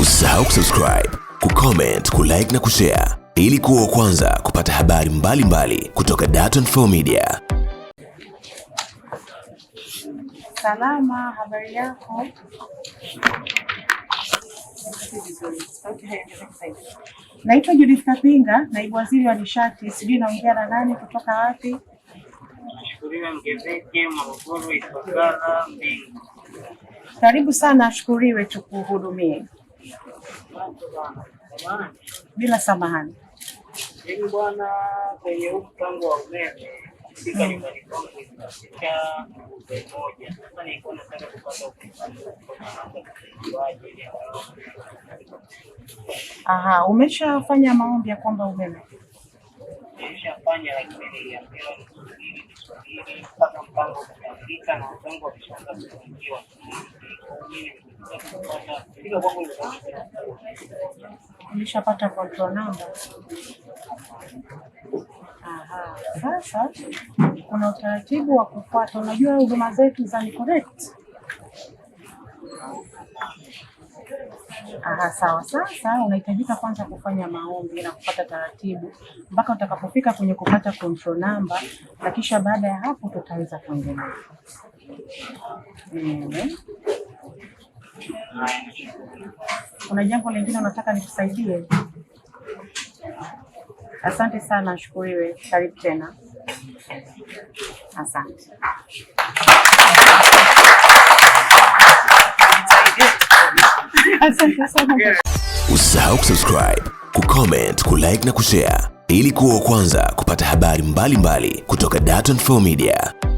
Usisahau kusubscribe, kucomment, kulike na kushare ili kuwa kwanza kupata habari mbalimbali mbali kutoka Dar24 Media. Salama, habari yako? Naitwa Judith Kapinga, naibu waziri wa nishati. Sijui naongea na nani, kutoka wapi? Karibu sana, ashukuriwe, tukuhudumie bila samahani. Yaani bwana, kwenye huu mpango wa umeme kufika nyumbani kwangu imefikia moja. Sasa nilikuwa nataka kupata Aha, umeshafanya maombi ya kwamba umeme? Nimeshafanya, lakini niliambiwa nisubiri nisubiri mpaka mpango kukamilika na wenzangu wakishaanza kufungiwa. Nishapata control number. Aha, sasa kuna utaratibu wa kufuata. Unajua huduma zetu za NiConnect. Aha, sawa. Sasa unahitajika kwanza kufanya maombi na kupata taratibu mpaka utakapofika kwenye kupata control number, na kisha baada ya hapo tutaweza kuendelea. Kuna jambo lingine unataka nikusaidie? Asante sana, shukuriwe. Karibu tena. Asante. Asante sana. Usisahau kusubscribe, kucomment, kulike na kushare ili kuwa wa kwanza kupata habari mbalimbali mbali kutoka Dar24 Media.